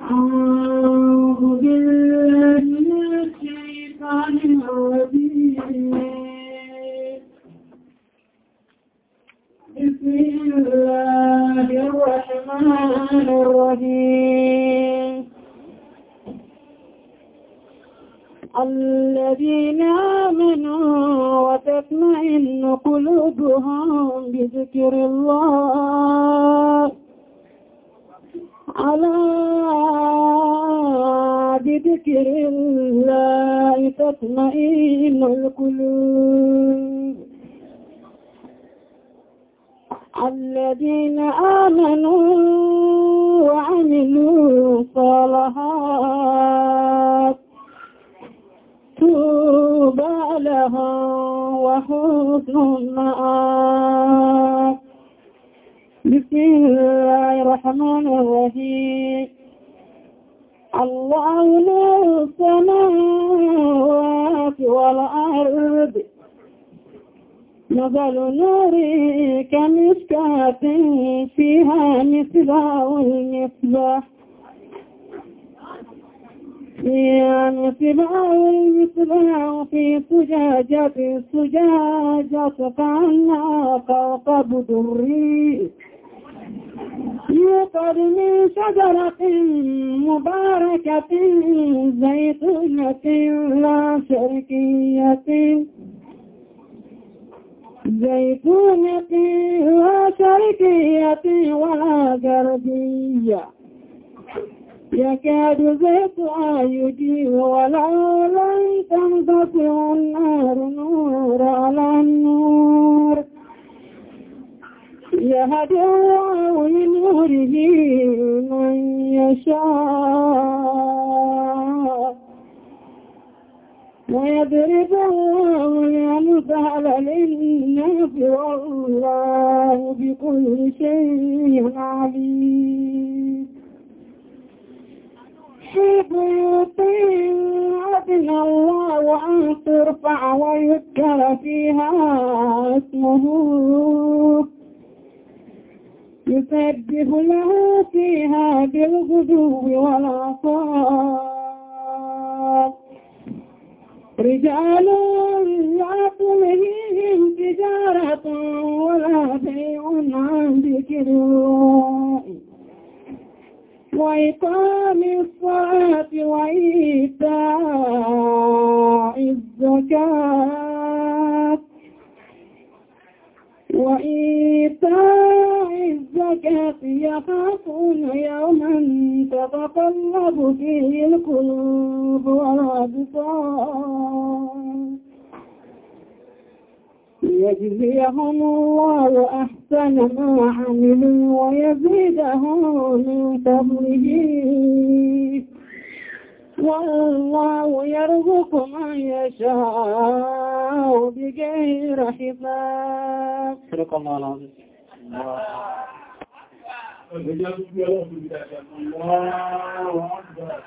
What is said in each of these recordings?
हाँ طوبى لهم وحسن مآب بسم الله الرحمن الرحيم الله نور السماوات والأرض نوري كمشكاة فيها مصباح المصباح فيها يعني مصباح المصباح في سجاجة سجاجة كأنها كوكب دري يوقد من شجرة مباركة زيتونة لا شركية زيتونة لا شركية ولا غربية يكاد زيتها يجيب ولو لن تنتصر النار نور على النور يهدي الله لنوره من يشاء ويضرب الله الأمثال للناس والله بكل شيء عليم في بيوت أذن الله أن ترفع ويذكر فيها اسمه يسبح له فيها بالغدو والعصار رجال لا تلهيهم تجارة ولا بيع عن ذكر الله وإقام الصلاة وإيتاء الزكاة وإيتاء الزكاة يخافون يوما تتقلب فيه القلوب والأبصار ليجزيهم الله أحسن ما عملوا ويزيدهم من فضله والله يرزق من يشاء بغير حساب صدق الله العظيم الله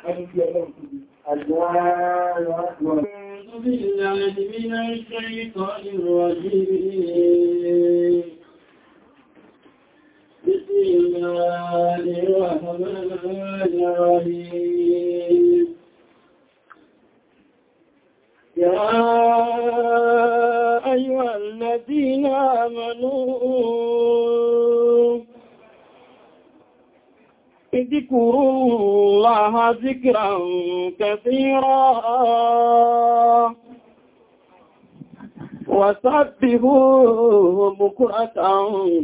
أكبر الله أكبر بالله من الشيطان الرجيم يا أيها الذين آمنوا اذكروا الله ذكرا كثيرا وسبهوه بكرة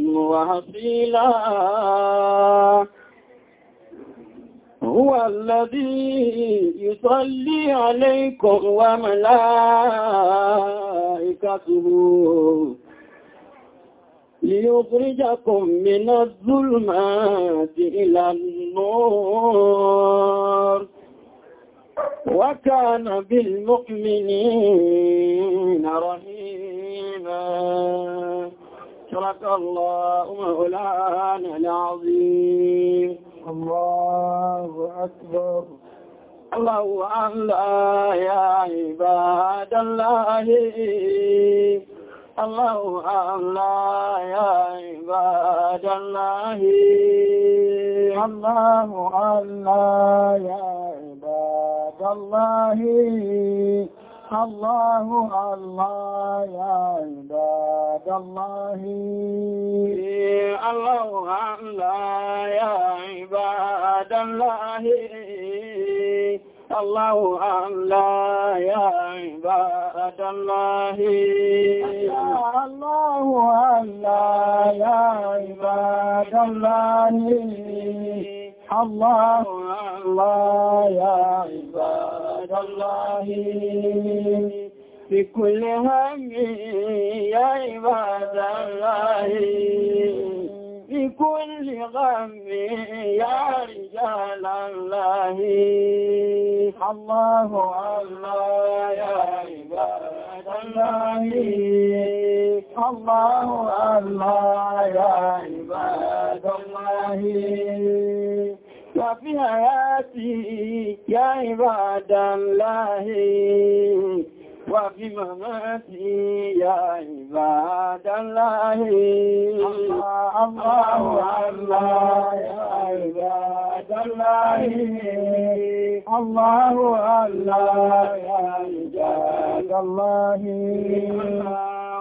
وهصيلا هو الذي يصلي عليكم وملائكته ليخرجكم من الظلمات إلى النور وكان بالمؤمنين رحيما شرك الله مولانا العظيم الله أكبر الله أعلى يا عباد الله الله الله يا عباد الله الله الله يا عباد الله الله الله يا عباد الله الله الله يا عباد الله الله أن لا يا عباد الله الله أن لا يا عباد الله الله الله يا عباد الله بكل هم يا عباد الله في كل غم يا رجال الله الله الله يا عباد الله الله الله يا عباد الله وفي حياتي يا عباد الله بمماتي يا عباد الله الله الله يا عباد الله الله الله يا عباد الله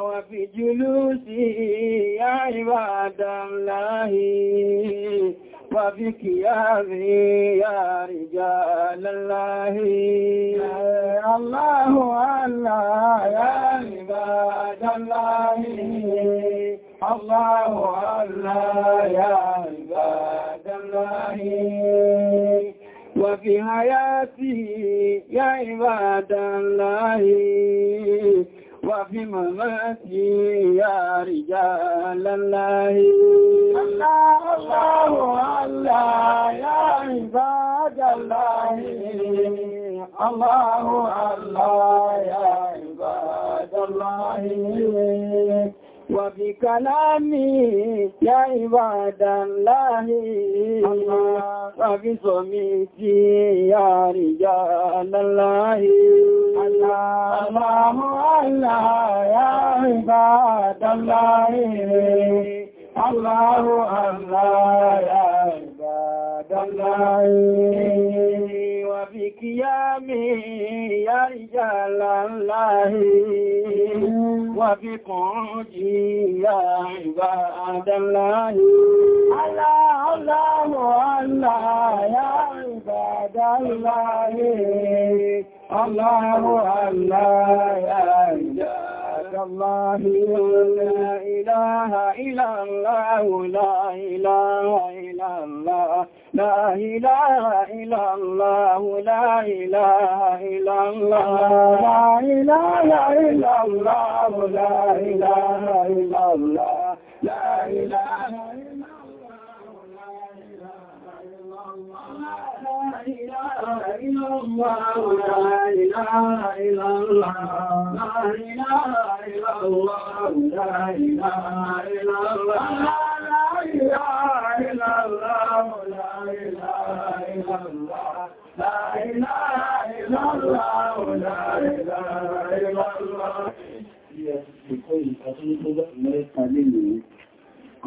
وفي جلوسي يا عباد الله وبك يا ذي يا رجال الله الله الله يا عباد الله الله الله يا عباد الله وفي حياته يا عباد الله وفي مماتي يا رجال الله الله الله الله الله يا عباد الله وبكلامي يا عباد الله وبصميتي يا رجال الله الله الله يا عباد الله الله الله يا عباد فدلعي وفي قيامي يا رجال الله وفي قعودي يا عباد الله الله الله الله يا عباد الله الله الله يا عباد الله لا إله إلا الله لا إله إلا الله لا إله إلا الله لا إله إلا الله لا إله إلا الله لا إله إلا الله لا إله إلا الله لا إله إلا الله لا إله إلا الله لا إله إلا الله لا إله إلا الله لا إله إلا الله لا إله إلا الله لا إله إلا الله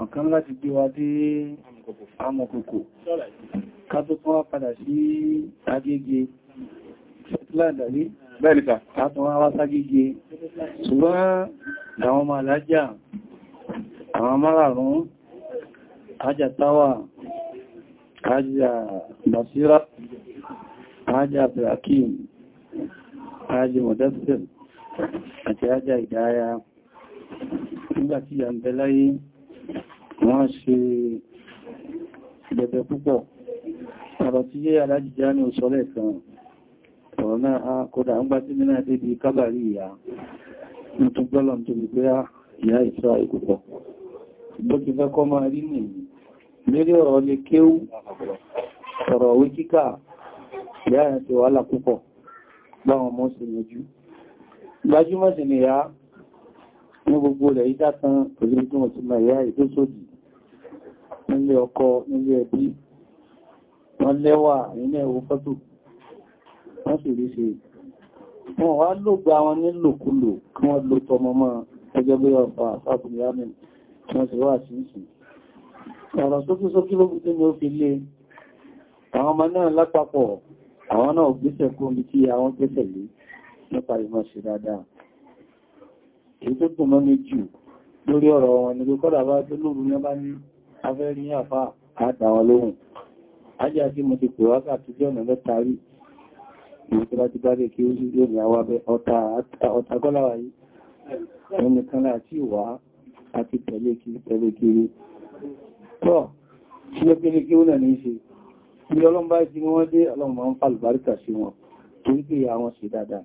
Ọ̀kan láti gbé wa dé amọ̀kòkò kátùkún wá padà sí agége ṣẹ̀tíláàdàrí bẹ́ẹ̀lìkà kátùn wá wá ságége ṣùgbọ́n àwọn ọmọ alájà àwọn márààrún ajá táwà ajá basira ajá abdulhakim ajá modesto àti ajá ìdáyà nígbàtí ìyàmbẹ̀láyé wọ́n ṣe bẹ̀bẹ̀ púpọ̀ ọ̀rọ̀ tí yé alájìjá ní òṣọ́lẹ̀ kan ọ̀rọ̀ náà kódà ń gbá sí nínú àdébí kábàrí ìyá ní tó gbọ́lọ̀ tó lè pé ìyá ìṣọ́ ìkùpọ̀ bó ti fẹ́ kọ́ máa rí nìyí lérí ọ̀rọ̀ lè kéwú ọ̀rọ̀ òwe kíkà ìyá ẹ̀ ti wàhálà púpọ̀ báwọn ọmọ sì yanjú gbajúmọ̀ sí ni ìyá ní gbogbo rẹ̀ ìdá kan pẹ̀lú ìdúnmọ̀ sí ma ìyá ìdósòdì nílé ọkọ nílé ẹbí wọ́n lẹ́wà nínú ẹ̀wọ́ fọ́tò wọ́n sì rí ṣe wọ́n wá lògbà wọn nílòkulò kí wọ́n lo tọmọmọ́ ẹgbẹ́ bí ọ̀pá àfáàbùn yamin wọ́n sì wá sí ìsìn ọ̀rọ̀ sókísókí ló fi ní ó fi lé àwọn ọmọ náà lápapọ̀ àwọn náà gbésẹ̀ kó omi tí àwọn gbésẹ̀ lé nípa ìmọ̀ sí dáadáa èyí tó dùn mọ́ mi jù lórí ọ̀rọ̀ wọn ni kọ́dà bá tó lóru ní ọba ní afẹ́rí àfá àtàwọn lóhùn ajá sí mo ti pèwà káàkiri ọ̀nà mẹ́ta rí ìwé tó bá ti bá rẹ̀ kí ó sí yóò ní àwábẹ́ ọ̀tàgọ́láwà yìí wọ́n ni kan láti wà àti tẹ̀lé kiri tẹ̀lé kiri tọ́ sí lẹ́pẹ́lẹ́ kí ó nà ní ṣe bí ọlọ́mbá ti wọ́n dé ọlọ́mbá ń fa àlùbáríkà sí wọn torí pé ìyá wọn ṣe dáadáa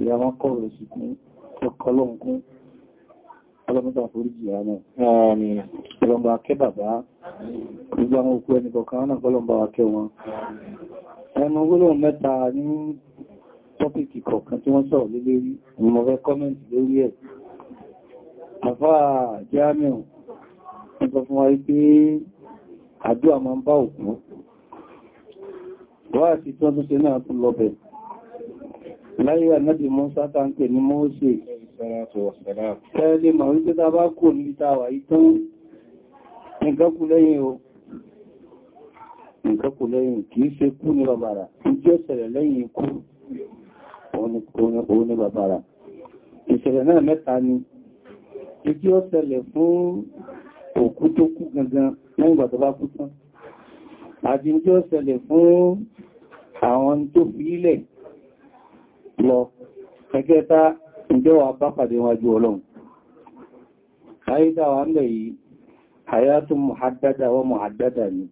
ìyá wọn kọ̀ọ̀rọ̀ sí kún ọkọlọ́nkún ọlọ́mọdé àforíjì àánà ọlọ́mọdé akẹ́ bàbá gbogbo àwọn òkú ẹni kọ̀ọ̀kan náà ọlọ́mọdé akẹ́ wọn ẹnu gbólóhùn mẹ́ta ní tọ́pìkì kọ̀ọ̀kan tí wọ́n sọ̀rọ̀ lé lérí mo fẹ́ kọ́mẹ́ntì lórí ẹ̀ àfáà jamiu ń sọ fún wa pé àdúrà máa ń bá òkú wá sí tí wọ́n tún ṣe náà tún lọ bẹ̀ láyé ànábì Mùsá tá ń pè salatu wa salam ẹ̀lẹ́ ma wípé ta bá kò ní tàwà ìtàn nǹkan kù lẹ́yìn o nǹkan kù lẹ́yìn kìí ṣe kú ní bàbàrà ìjẹ́ ìṣẹ̀lẹ̀ lẹ́yìn ikú òun ní bàbàrà ìṣẹ̀lẹ̀ náà mẹ́ta ni ìjẹ́ ìṣẹ̀lẹ̀ fún òkú tó kú gangan lẹ́yìn ìgbà bá kú tán àti ìjẹ́ ìṣẹ̀lẹ̀ fún àwọn tó fi ilẹ̀ lọ ẹgẹ́ta ǹjẹ́ wà bá pàdé wájú ọlọ́run àyídáwà ń lẹ̀ yìí hayatun muhaddada wa muhaddada ni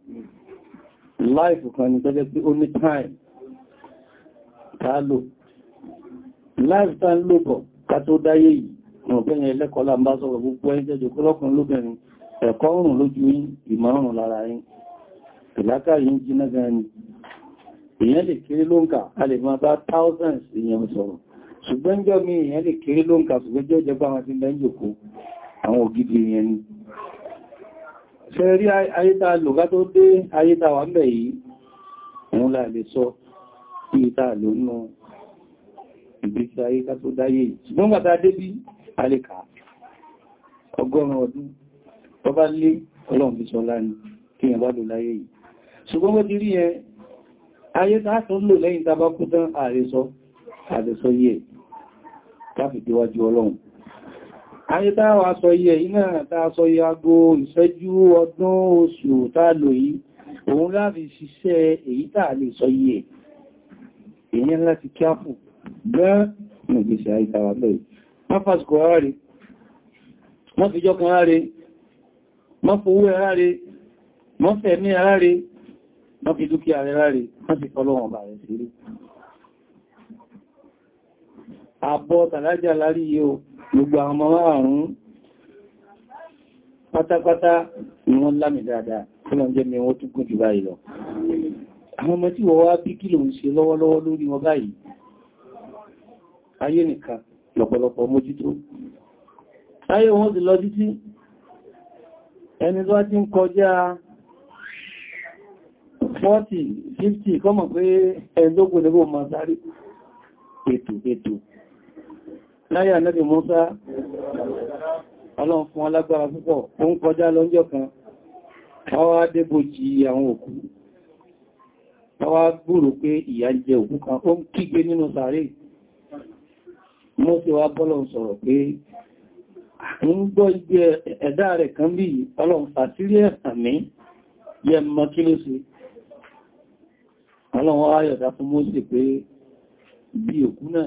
life kan ni tọ́jẹ́ pé only time ta lò life ta ń lò bọ̀ ká tó dáyé yìí ọ̀pẹ́yìn ẹlẹ́kọ́lá ń bá sọ̀rọ̀ gbogbo ẹni jẹ́jọ kọ́lọ́kùn lóbìnrin ẹ̀kọ́ ọ̀rùn lójú yín ìmọ̀rùn ni èèyàn lè kéré lóǹkà a lè máa sọ̀rọ̀ ṣùgbọ́n jọ mi èèyàn lè kéré ló ń ka ṣùgbọ́n jọ jẹba wọn ti lẹ́yìnkò àwọn ògidì èèyàn ni ṣe rí ayéta lògá tó dé ayéta wà mẹ́ yìí òun láà lè sọ kí ìta ló nú ìgbésí ayéta tó dáyé ṣùgbọ́n gbàtà débí alẹ́kà ọgọ́rùn ọdún tó láti díwájú ọlọ́run ayé táwà sọ iye iná táà sọ iye ago ìṣẹ́jú ọdún oṣù táà lò yìí òun láti ṣiṣẹ́ èyí táà lè sọ iye èyàn láti kíáfù gán ní ìgbésẹ̀ ayé táwà lọ́yìí má fásitì ráre má fijọ́ kan ráre má fowó ráre má fẹ̀mí àbọ̀ tàlájà lárí yíò gbogbo àwọn ọmọ márùn-ún pátápátá ni wọ́n lámì dáadáa tí wọ́n jẹ́ mi wọ́n tún gùn jù báyìí lọ àwọn ọmọ tí wọ́n wá bí kí lò ń ṣe lọ́wọ́lọ́wọ́ lórí wọn báyìí ayé nìkan lọ́pọ̀lọpọ̀ mójútó ayé wọn ti lọ títí ẹni tó ti ń kọjá 40 50 kọ́mọ̀ pé ẹ̀ndógún nígbò máa sáré ètò ètò láyé ànábì Mùsá ọlọ́run fún alágbára púpọ̀ ó ń kọjá lọ́jọ́ kan ọwá débòjì àwọn òkú ọwá gbúrò pé ìyà ń jẹ òkú kan ó ń kígbe nínú sàárè Mósè wá bọ́lọ̀ sọ̀rọ̀ pé ń gbọ́ igbe ẹ̀dá rẹ̀ kan bí ọlọ́run bí òkú náà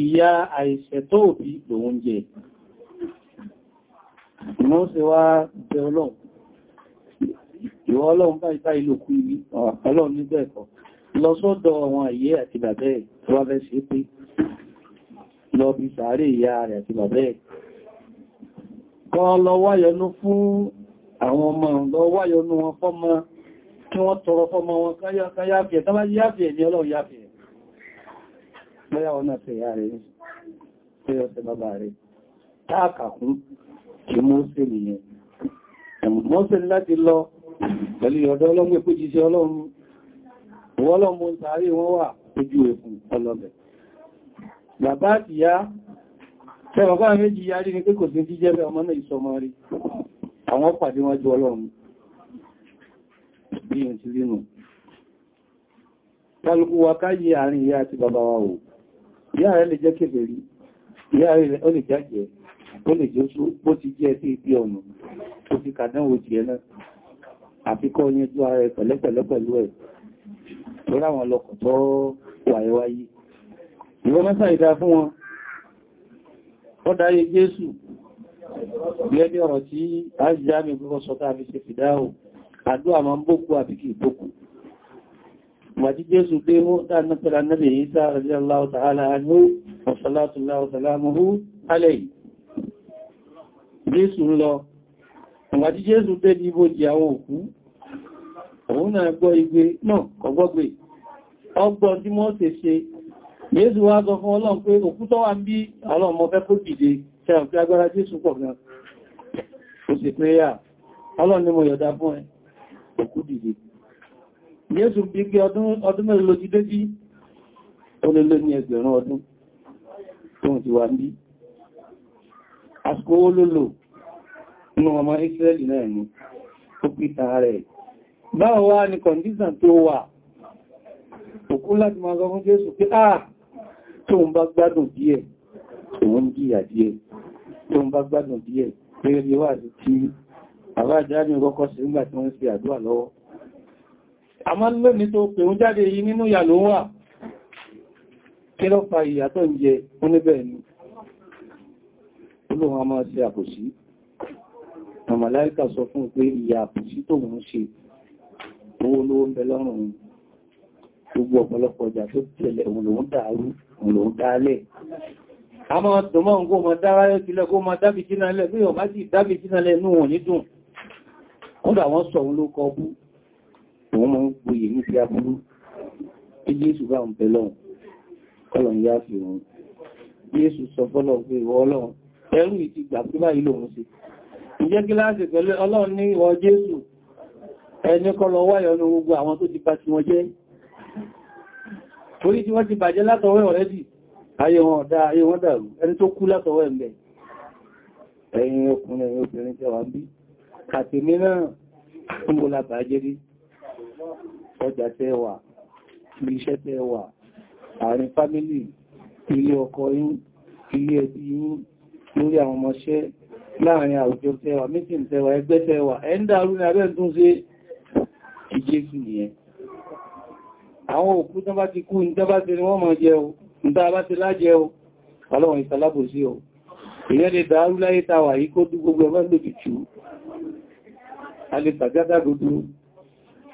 ìyá àìṣẹ̀ tó òbí lòun jẹ ìmọ́ sí wá bẹ ọlọ́run ìwọ ọlọ́run bá ìbá ìlú kú ibi ọlọ́run ní bẹ́ẹ̀kọ́ lọ sọ́dọ̀ àwọn àyè àti bàbẹ́ tó wá fẹ́ ṣe pé lọ bí sàárè ìyá rẹ̀ àti bàbẹ́ kọ́ lọ wáyọnú fún àwọn ọmọ lọ wáyọnú wọn fọ́mọ kí wọ́n tọrọ fọ́mọ wọn káyáfẹ́ tọ́bá yáfẹ́ ní ọlọ́run yáfẹ́ bóyá ọ̀nà tẹ̀yà rẹ̀ ní pé ọ̀sẹ̀ bàbá rẹ̀ táàkàkún kí mọ́sẹ̀ nìyẹn mọ́sẹ̀ láti lọ pẹ̀lú ọ̀dọ́ ọlọ́gbẹ́ pé jíṣẹ́ ọlọ́run wọ́lọ́mọ sàárè wọ́n wà ojú ẹ̀kùn ya tẹ́wọ̀n bá méjì yarí ní pé kò sí jíjẹ́ bẹ́ ọmọ náà ìsọmọ rí àwọn pàdé wájú ọlọ́run bí i ti rínú kálukú wa káyé àárín ìyá àti bàbá wa wò ìyá rẹ̀ lè jẹ́ kèfèrí ìyá rẹ̀ ó lè jájẹ́ ó lè jẹ́ oṣù bó ti jẹ́ sí ibi ọ̀nà tó fi kàdánwò jẹ́ náà àfikọ́ yẹjú ara ẹ̀ pẹ̀lẹ́pẹ̀lẹ́ pẹ̀lú ẹ̀ tó ráwọn lọkọ̀ tó wàíwáyé ìwọ́n mẹ́ta ìdá fún wọn ó dáyé Jésù bí ẹni ọ̀rọ̀ tí a jẹ́ àmì gbogbo sọ́tà àbí ṣe fìdáhù àdúà máa ń bókú àbíkì ìbókù مجد سبيه أن نقل عن نبي عيسى رضي الله تعالى عنه وصلاة الله وسلامه عليه Jésù lọ, ọ̀gbà tí Jésù tẹ́ ní ibò jẹ àwọn òkú, òun náà gbọ́ igbe náà kọgbọ́gbé, ọgbọ́n tí mọ́ ṣe ṣe, Jésù wá sọ fún Ọlọ́run pé òkú tó wà ń bí ọlọ́mọ fẹ́ kó dìde, ṣẹ́ràn pé agbára Jésù pọ̀ gan. Ó sì pé yà, Ọlọ́run ni mo yọ̀dá fún ẹ, òkú dìde. Jésù bí pé ọdún mẹ́rin ló ti dé bí ó lè lé ní ẹgbẹ̀rún ọdún tó ti wà ní. Àsìkò owó ló lò nínú ọmọ Ísírẹ́lì náà ni ó pítà rẹ̀. Báwo wá ni kọ̀ndíṣàn tó wà? Òkú láti máa sọ fún Jésù pé áà ah, tó ń bá gbádùn díẹ̀, òun jìyà díẹ̀, tó ń bá gbádùn díẹ̀, pé rí wà sí tí àbájáde rọ́kọ́ sí nígbà tí wọ́n ń fi àdúrà lọ́wọ́ àmá lónìí tó pè ń jáde yìí nínú ìyà ló wà kí ló fa ìyà tó ń jẹ oníbẹ̀ ni olóhun a máa ṣe àbòsí màmàláíkà sọ fún pé ìyà àbòsí tó mú ṣe owó olówó ń bẹ lọ́rùn gbogbo ọ̀pọ̀lọpọ̀ ọjà tó tẹ̀lẹ̀ òun lòun dàrú òun lòun dálẹ̀ a máa tọ̀mọ́ ń kó mọ dáráyọ́ tilẹ̀ kó mọ dábì jínalẹ̀ bí ọ̀bá sì dábì jínalẹ̀ inú wọn sí aburú tí Jésù bá ń pẹ̀lọ́ kọlọ̀ ń yá fi òun Jésù sọ fọ́lọ̀ pé ìwọ Ọlọ́run ẹrù ìti gbà pé báyìí lòun sí ìjẹ́ kíláàsì pẹ̀lú Ọlọ́run ní ìwọ Jésù ẹni kọlọ wáyọ̀ ní gbogbo àwọn tó ti bá ti wọn jẹ́ torí tí wọ́n ti bàjẹ́ látọwọ́ ọ̀rẹ́dì ayé wọn ọ̀dá ayé wọn dàrú ọjà tẹ́wà iléeṣẹ́ tẹ́wà àárín fámílì ilé ọkọ yín ilé ẹbí yín lórí àwọn ọmọṣẹ́ láàrin àwùjọ tẹ́wà mítìn tẹ́wà ẹgbẹ́ tẹ́wà ẹ́ndàrú ní abẹ́ tún sí ìjésù nìyẹn àwọn òkú tán bá ti kú ní tán bá ti rí wọ́n mọ̀ jẹ́ o ní tán bá ti lájẹ́ o ọlọ́run ìsàlábò sí o ìyẹn lè dàárú láyé tàwà yìí kó dú gbogbo ẹgbẹ́ lòdì jù a lè tàgádà gbogbo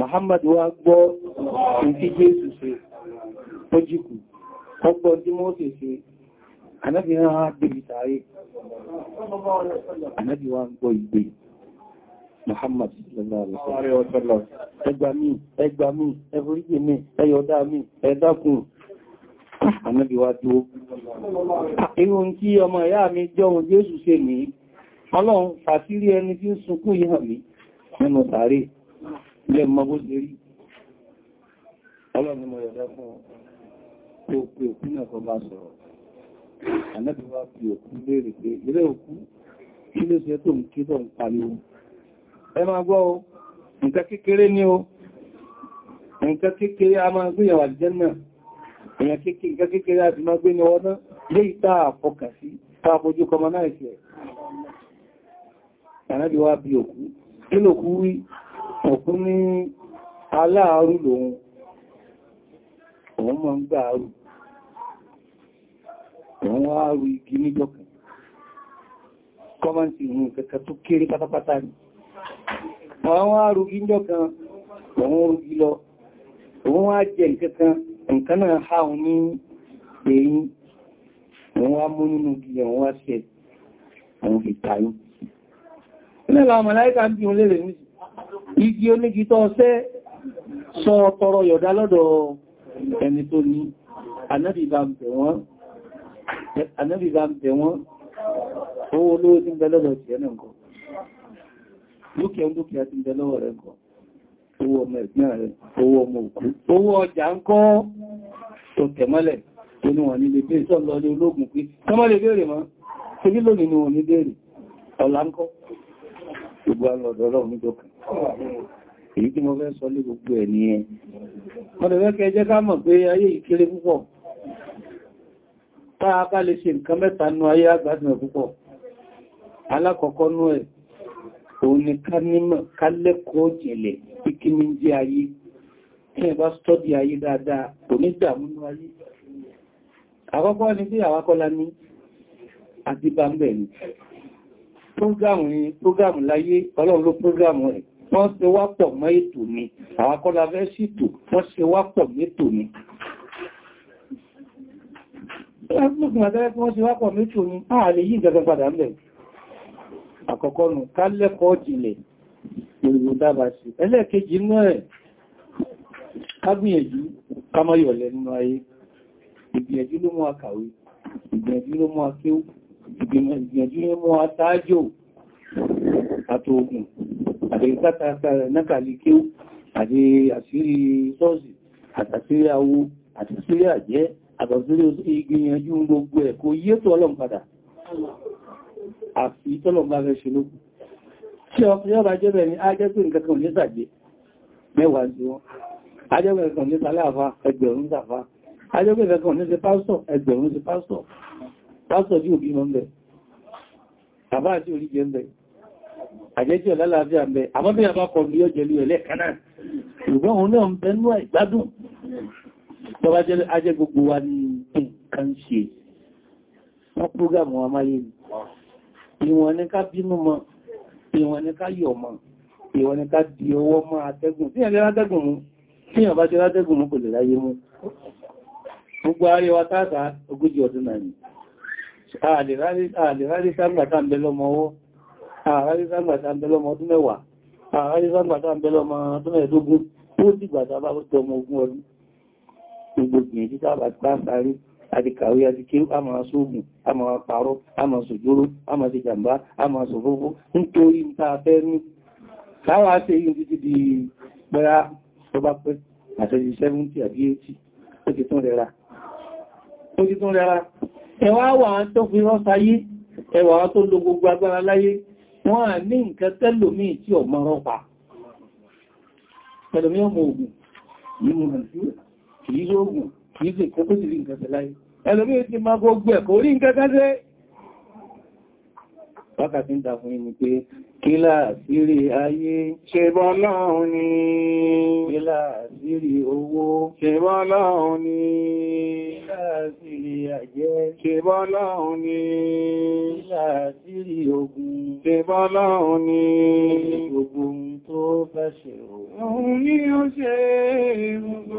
Muhammad wá gbọ́ ìfí Jésù ṣe tó jíkù ọgbọ́ tí mọ́ sì ṣe anábi rán á débi tààrí anábi wá gbọ́ ìgbé Muhammad ẹgbà mí ẹgbà mí ẹforíkè mí ẹyọ̀dá mí ẹ̀dákun anábi wá tó irun tí ọmọ ìyá mi jọun Jésù ṣe ní ọlọ́run fàtírí ẹni tí ń sunkún ìhàn mi nínú tààrí ilẹ̀ mọ́ bó ṣe rí ọlọ́run mọ̀ yọ̀dá fún pé ó pé òkú náà kọ bá sọ̀rọ̀ ànábì wá fi òkú léèrè pé ilé òkú kí ló ṣe tó ń kí tó ń pariwo ẹ máa gbọ́ o nǹkan kékeré ní o nǹkan kékeré a máa gbé yàwà jẹ́ náà èyàn nǹkan kékeré a ti máa gbé ní ọdún lé ìta àfọkà sí tààfojú kọmọ náà ìṣẹ̀ kú ní aláàrù lòun òun mọ́ ń gbà àrù òun wá àrù igi níjọkùn kọ́mọ̀ntì ìhun kẹta tó kéré pátápátá ni àwọn àrù igi níjọkàn òun rúgi lọ òun wá jẹ nǹkankan nǹkan náà ha òun ní èyí òun wá mú nínú igi òun wá ṣe òun fi tàyí nílẹ̀ àwọn ní igi onígi tó ṣẹ́ sọ tọrọ yọ̀dá lọ́dọ̀ ẹni tó ní ànábì bá ń bẹ̀ wọ́n owó olówó tí ń bẹ lọ́dọ̀ ti ẹ̀nà nǹkan dúkìá dúkìá ti ń bẹ lọ́wọ́ rẹ̀ nǹkan owó ọmọ ẹ̀gbẹ́ rẹ̀ owó ọmọ òkú owó ọjà ń kọ́ tó tẹ̀mọ́lẹ̀ tó ní wọ́n nílé bèèrè tó lọ ní ológun èyí tí mo fẹ́ sọ lé gbogbo ẹ̀ nìyẹn wọ́n lè fẹ́kẹ́ jẹ́ ká mọ̀ pé ayé ìkéré púpọ̀ táa bá lè ṣe nǹkan mẹ́ta nú ayé àgbàdùn púpọ̀ alákọ̀ọ́kọ́ nú ẹ̀ òun ni ká nímọ̀ ká lẹ́kọ̀ọ́ jẹ̀lẹ̀ kíkí ní jẹ́ ayé tí ẹ bá stọ́dì ayé dáadáa kò ní dàmú wọ́n ṣe wá pọ̀ mọ́ ètò ni àwọn akọ́lá fẹ́ sí ètò wọ́n ṣe wá pọ̀ mẹ́tò ni àkọ́kọ́ nù kálẹ́kọ́ jìnlẹ̀ ìrìnwò dábà sí ẹlẹ́ẹ̀kejì inú ẹ̀ kágbìyànjú kámọ́yọ̀lẹ̀ nínú ayé ìgbìyànjú ló mú akàwé ìgbìyànjú ló mú akéwú ìgbìyànjú ló mú atájò àtògùn àti nákàlì kéw àti àṣírí sọ́ọ̀sì àtàṣírí awo àtàṣírí àjẹ́ àtàṣírí ìgbìyànjú gbogbo ẹ̀ kò yé tó ọlọ́run padà àfi tọ́lọ̀ bá fẹ́ ṣe lókù tí ọkùnrin ọba jẹ́bẹ̀ ni ajẹ́gbẹ̀ nǹkan ní sàgbé mẹ́wàá sí wọn ajẹ́gbẹ̀ nǹkan ní sàláàfá ẹgbẹ̀rún sàfá ajẹ́gbẹ̀ nǹkan ní sí pásọ̀ ẹgbẹ̀rún sí pásọ̀ pásọ̀ tí òbí mọ́ ń bẹ̀ bàbá àti orí jẹ́ ń bẹ̀ àjẹ́jì ọ̀lálàáfíà mẹ́ àmọ́ bí a bá kọ̀ bí ọjọ́ ilé ẹ̀lẹ́ kanáà ṣùgbọ́n òun náà ń bẹnú àìgbádùn tọba ajẹ́ gbogbo wa ní nǹkan ṣe wọ́n púrógámù wa máyé ni ìwọ̀n ní ká bínú mọ́ ìwọ̀n ní ká yọ̀ mọ́ ìwọ̀n ní ká di ọwọ́ mọ́ atẹ́gùn tí ẹ̀lẹ́ látẹ́gùn mú tí ẹ̀yàn bá ti látẹ́gùn mú kò lè láyé mú gbogbo ààrẹ wa táàtà ogójì ọdún náà ni ààlè rárí sáàmì àtàmbẹ́lọ́mọ ọwọ́ àárísàgbàtà ń bẹ́lọ́mọ ọdún mẹ́wàá àárísàgbàtà ń bẹ́lọ́mọ ọdún mẹ́ẹ̀dógún tó dìgbàtà bá tó ọmọ ogun ọdún gbogbo èyí sábà gbá sáré àti kàwé àti kí a máa sóògùn a máa parọ́ a máa sòjóró a máa ti jàmbá a máa sòfófó nítorí ta fẹ́ ní láwá ṣe yìí títí di pẹ́ra tó bá pẹ́ àtẹ́jì 70 àbí 80 ó ti tún rẹra ẹwà wà tó fi rán sáyé ẹwà tó lo gbogbo wọ́n à ní nǹkan tẹ́lòmí tí ọmọ rọ́pa tẹ́lòmí ọmọ ogun ní mọ̀ kìí ṣe ogun kìí ṣe kọ́kọ́ sí nǹkan tẹ́láyé ẹlòmí ti máa gbogbo ẹ̀kọ́ orí nǹkan tẹ́lẹ́ wákàtí ń ta fún inú pé kílà sírí ayé ṣebọ́ lọ́hun ni kílà sírí owó ṣebọ́ lọ́hun ni kílà sírí àjẹ́ ṣebọ́ lọ́hun ni kílà sírí ogun ṣebọ́ lọ́hun ni gbogbo tó bá ṣe òun ni ó ṣe gbogbo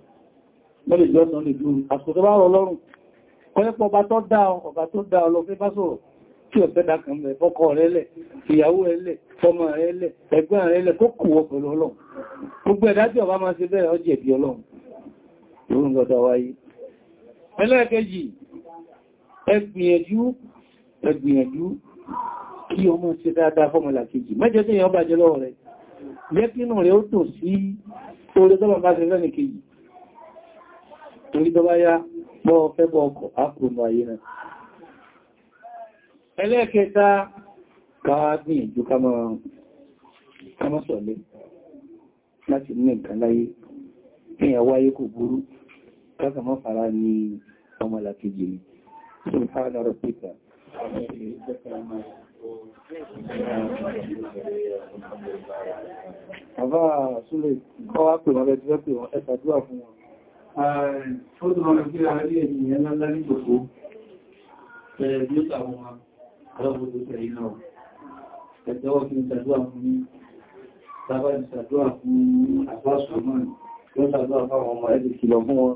mẹ́lẹ̀ ìjọsán lè dúró àsìkò tó bá rọ lọ́rùn kọ́lẹ́pọ̀ ọba tó dá ọba tó dá ọlọ́fẹ́ bá sọ̀rọ̀ tí ọ̀fẹ́ dákan rẹ̀ fọ́kọ rẹ̀ lẹ̀ ìyàwó rẹ̀ lẹ̀ fọ́mọ rẹ̀ lẹ̀ ẹgbẹ́ rẹ̀ lẹ̀ kó kù wọ pẹ̀lú ọlọ́run gbogbo ẹ̀dá tí ọba máa ṣe bẹ́ẹ̀ ọjẹ́ bí ọlọ́run lórún lọ́dọ̀ wáyé ẹlẹ́ẹ̀kejì ẹgbìyànjú ẹgbìyànjú kí ọmọ ṣe dáadáa fọ́mọlà kejì mẹ́jọ tí èèyàn bàjẹ́ lọ́wọ́ torí tó bá yá bọ́ fẹ́bọ̀ ọkọ̀ ápùnù ayé náà ẹlẹ́ẹ̀kẹta káàdì ìjú kámọ́sọ̀lẹ̀ láti ní nǹkan láyé ní ẹwà ayé kò burú kákàmọ́ fara ní ọmọ làkejì ni سبحان ربك Àbá Súlè, kọ́ wá pè wọ́n lẹ́jọ́ pè wọ́n ẹ̀sàdúwà fún wọn. Fọ́dún ọ̀rọ̀ kí a rí ènìyàn lọ́lá ní gbogbo, ẹ̀rẹ̀ bí ó tàwọn alábòdó tẹ̀lé náà. Ẹ̀tẹ́wọ́ kí n tàdúwà fún ní, tàbá ìsàdúwà fún àpásọ̀ náà, ló tàdúwà fáwọn ọmọ ẹ̀dẹ̀ kìlọ̀ fún wọn.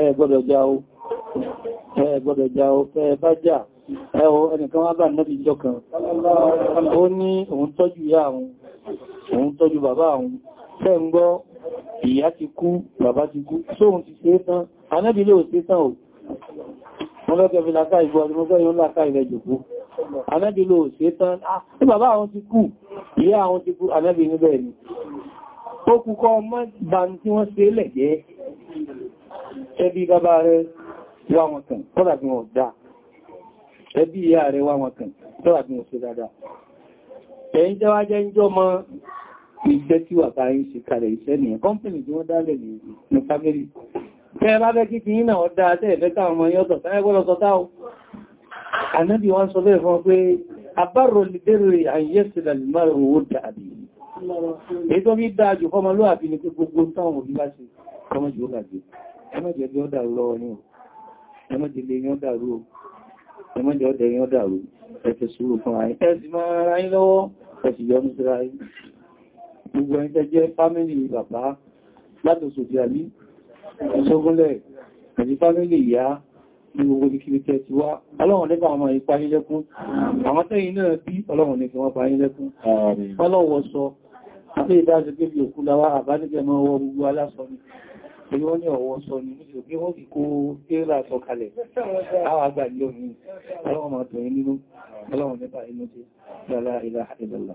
Ẹ gbọ́dọ̀ já ó, ẹ gbọ́dọ̀ já ó, ẹ bá já, ẹwọ ẹnìkan wá bá nẹ́bí ìjọ kan. Ó ní òun tọ́jú ìyá ti kú bàbá ti kú sóhun ti ṣe tán anábì lè ò ṣe tán ò wọ́n lọ́kẹ́ fi láká ìgbọ́ àdúgbọ́ yóò láká ilẹ̀ jòkó anábì lè ò ṣe tán tí ah, bàbá àwọn ti kú ìyá àwọn ti kú anábì níbẹ̀ ni ó kú kọ́ ọmọ bá ní tí wọ́n ṣe lẹ̀ jẹ́ ẹbí bàbá rẹ̀ wá wọn kàn tọ́lá bí wọn dá ẹbí ìyá rẹ̀ wá wọn kàn tọ́lá bí wọn ṣe dáadáa ẹ̀yìn tẹ́wàá jẹ́ ń jọ́ mọ́ iṣẹ́ tí wà bá ń ṣe kalẹ̀ iṣẹ́ nìyàn kọ́mpìnì tí wọ́n dálẹ̀ ní fámílì tẹ́ bá bẹ́ kí ti yínà ọ̀dá tẹ́ẹ̀fẹ́ta ọmọ yọ́tọ̀ tẹ́ẹ̀gbọ́lọ̀ sọ́tá o anábì wọ́n sọ bẹ́ẹ̀ fún pé abárò lìdérè àyẹ́sìlẹ̀ márùn ún dàbí èyí tó bí dájú fọ́mọ lóàbí ni pé gbogbo táwọn òbí bá ṣe ọmọ jù ó gàjẹ́ ẹmọ́jẹ́ bí ó dàrú lọ́wọ́ ní ẹmọ́jẹ́ lè yán dàrú ẹmọ́jẹ́ ọdẹ yán dàrú ẹ̀fẹ́ sùúrù fún ayé ẹ̀sì máa ara yín lọ́wọ́ ẹ̀sì yọ́nú síra yín gbogbo ẹni tẹ́ jẹ́ fámílì bàbá látòsòdì àbí ṣógúnlẹ̀ àti fámílì ìyá ní gbogbo ìkiri tẹ́ ti wá ọlọ́run nípa àwọn ìpayín lẹ́kún àwọn tẹ́yìn náà bí ọlọ́run ní kí wọ́n payín lẹ́kún ọlọ́wọ́ sọ àti ìdájọ pé bí òkú láwá ni èyí wọ́n sọ ni nítorí pé wọ́n fi kó kéèrà sọ kalẹ̀ àwọn àgbà ìlú ọ̀rìn ọlọ́run àtọ̀yìn nínú ọlọ́run nípa inú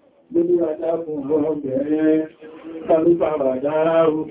lórí àdákùn ọ̀rọ̀ bẹ̀rẹ̀